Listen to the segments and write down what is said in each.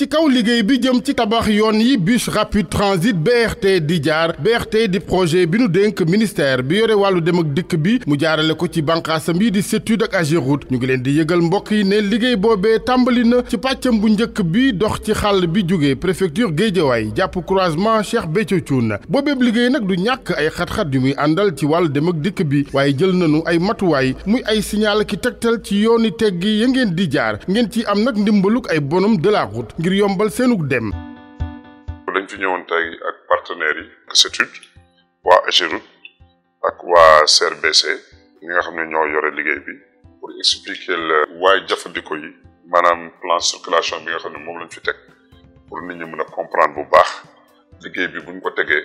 ci kaw liggéey bi jëm ci tabax yoon yi bus rapide transit te di jaar BRT di projet bi nu dénk ministère bi yore wàllu dem ak dikk bi mu jaarale ko ci banqaasam yi di sétude ak Ageroute ñu ngi leen di yëgal mbokk yi ne liggéey boobee tàmbali na ci pàccam bu njëkk bi dox ci xàll bi jógee préfecture Guédiawaye jàpp croisement Cheikh Béthio Thioune boobeeb liggéey nag du ñàkk ay xat-xat yu muy àndal ci wàllu dem ak dikk bi waaye jël nañu ay matuwaay muy ay signal ki tegtal ci yooni teggi ya ngeen di jaar ngeen ci am nag ndimbaluk ay bonum de ngir yombal seenug dem. dañ fi ñëwoon tey ak partenaires yi CETUD waa AGEROUTE ak waa CRBC ñi nga xam ne ñoo yore liggéey bi pour expliquer la waaye jëfandikoo yi maanaam plan circulation bi nga xam ne moom lañ fi teg pour nit ñi mën a comprendre bu baax liggéey bi buñ ko tegee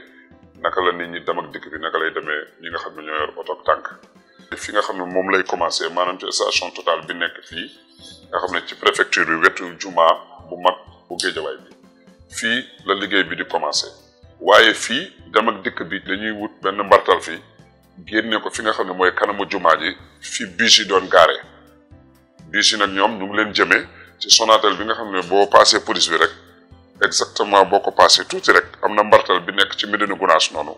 naka la nit ñi dem ak dikk bi naka lay demee ñi nga xam ne ñoo yor oto ak tànk fi nga xam ne moom lay commencé maanaam ci station Total bi nekk fii nga xam ne ci préfecture bi wetu juma bu mag bu géejawaay bi fii la liggéey bi di commencé waaye fii dem ak dikk bi dañuy wut benn mbartal fii génnee ko fi nga xam ne mooy kanamu jumaa ji fi biis yi doon gaare biis yi nag ñoom ñu ngi leen jëmee ci Sonatel bi nga xam ne boo passé police bi rek exactement boo ko passé tuuti rek am na mbartal bi nekk ci Médina Gounass noonu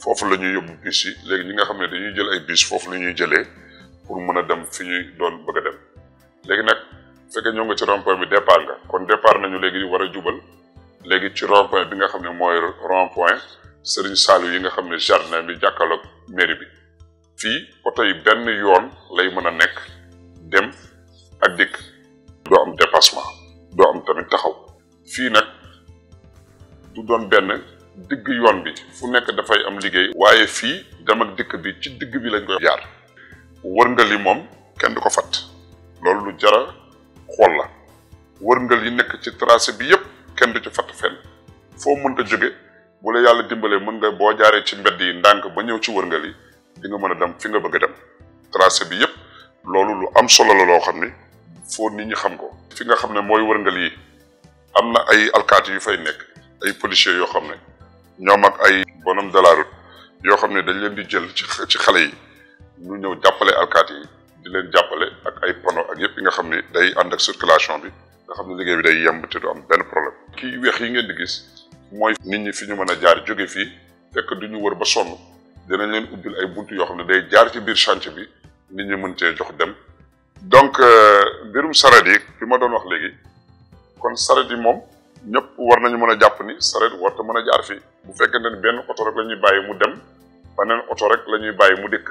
foofu la ñuy yóbbu biis yi léegi ñi nga xam ne dañuy jël ay biis foofu la ñuy jëlee pour mën a dem fi ñuy doon bëgg a nag fekk ñoo nga ci rond point bi départ nga kon départ nañu léegi war a jubal léegi ci rond point bi nga xam ne mooy rond point sëriñ saalu yi nga xam ne jardin bi jàkkaloog mairie bi fii oto yi benn yoon lay mën a dem ak dikk doo am dépassement doo am tamit taxaw fii nag du doon benn digg yoon bi fu nekk dafay am liggéey waaye fii dem ak dikk bi ci digg bi lañ koy jaar wër nga li moom kenn du fat loolu lu jara xool la wërngal yi nekk ci tracé bi yépp kenn du ci fatt fenn foo mënta jóge bu la yàlla dimbalee mën nga boo jaaree ci mbedd yi ndànk ba ñëw ci wërngal yi di nga mën a dem fi nga bëgg a dem tracé bi yépp loolu lu am solo la loo xam ni foo nit ñi xam ko fi nga xam ne mooy wërngal yi am na ay alkaati yu fay nekk ay policiers yoo xam ne ñoom ay bonhomme de yoo xam ne dañ leen di jël ci xale yi ñu ñëw jàppale alkaati yi di leen jàppale ak ay pono ak yëpp yi nga xam ne day ànd ak circulation bi nga xam ne liggéey bi day yemb te du am benn problème kii weex yi ngeen di gis mooy nit ñi fi ñu mën a jaar jóge fii fekk du ñu wër ba sonn dinañ leen ubbil ay buntu yoo xam ne day jaar ci biir chantier bi nit ñi mën cee jox dem donc euh, mbirum saret yi fi ma doon wax léegi kon saret yi moom ñëpp war nañu mën a jàpp ni saret warta mën a jaar fii bu fekkente ne benn oto rek la ñuy bàyyi mu dem beneen oto rek la ñuy bàyyi mu dikk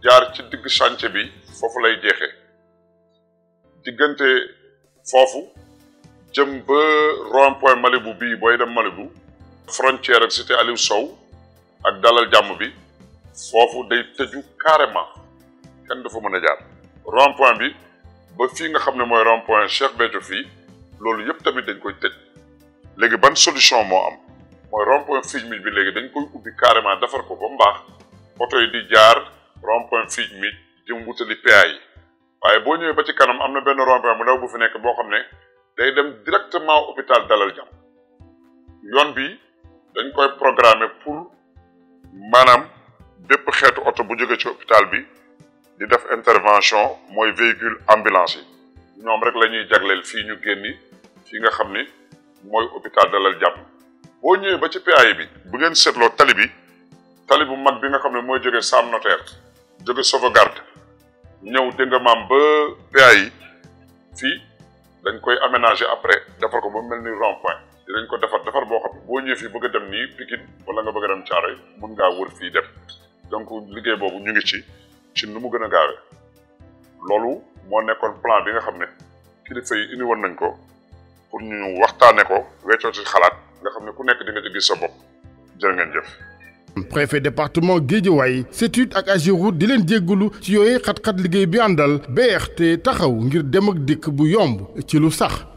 jaar ci digg chantier bi foofu lay jeexe diggante foofu jëm ba rond Malibu bii booy dem Malibu frontière ak cité Aliou Sow ak dalal jàmm bi foofu day tëju carrément kenn du fa mën a jaar rond bi ba fii nga xam ne mooy rond point Cheikh fii loolu yëpp tamit dañ koy tëj léegi ban solution moo am mooy rond point Fijmi bi léegi dañ koy ubbi carrément defar ko ba mbaax baax di jaar rond-point fii mi di wutali PA yi waaye bo ñëwee ba ci kanam am na benn rond-point bu bu fi nekk boo xam ne day dem directement hôpital Dalal Jàmm yoon bi dañ koy programmer pour maanaam bépp xeetu oto bu jóge ci hôpital bi di def intervention mooy véhicule ambulance yi ñoom rek la ñuy jagleel fii ñu génni fii nga xam ni mooy hôpital Dalal jàpp boo ñëwee ba ci PAI bi bu ngeen seetloo tali bi tali bu mag bi nga xam ne mooy jógee saam Notaire jóge sauvegarde ñëw dégg nga maam ba PA yi fii dañ koy aménager après defar ko ba mel ni rond point dinañ ko defar defar bo xam boo ñëwee fii bëgg a dem nii Pikine wala nga bëgg a dem Thiaroye mun ngaa wër fii dem donc liggéey boobu ñu ngi ci ci nu mu gën a gaawee loolu moo nekkoon plan bi nga xam ne kilifa yi nañ ko pour ñu waxtaanee ko weccoo ci xalaat nga xam ne ku nekk di nga ci gis sa bopp ngeen jëf préfet département Guédiawaye CETUD ak AGEROUTE di leen jéggalu ci yooyu xat-xat liggéey bi BRT taxaw ngir dem ak dikk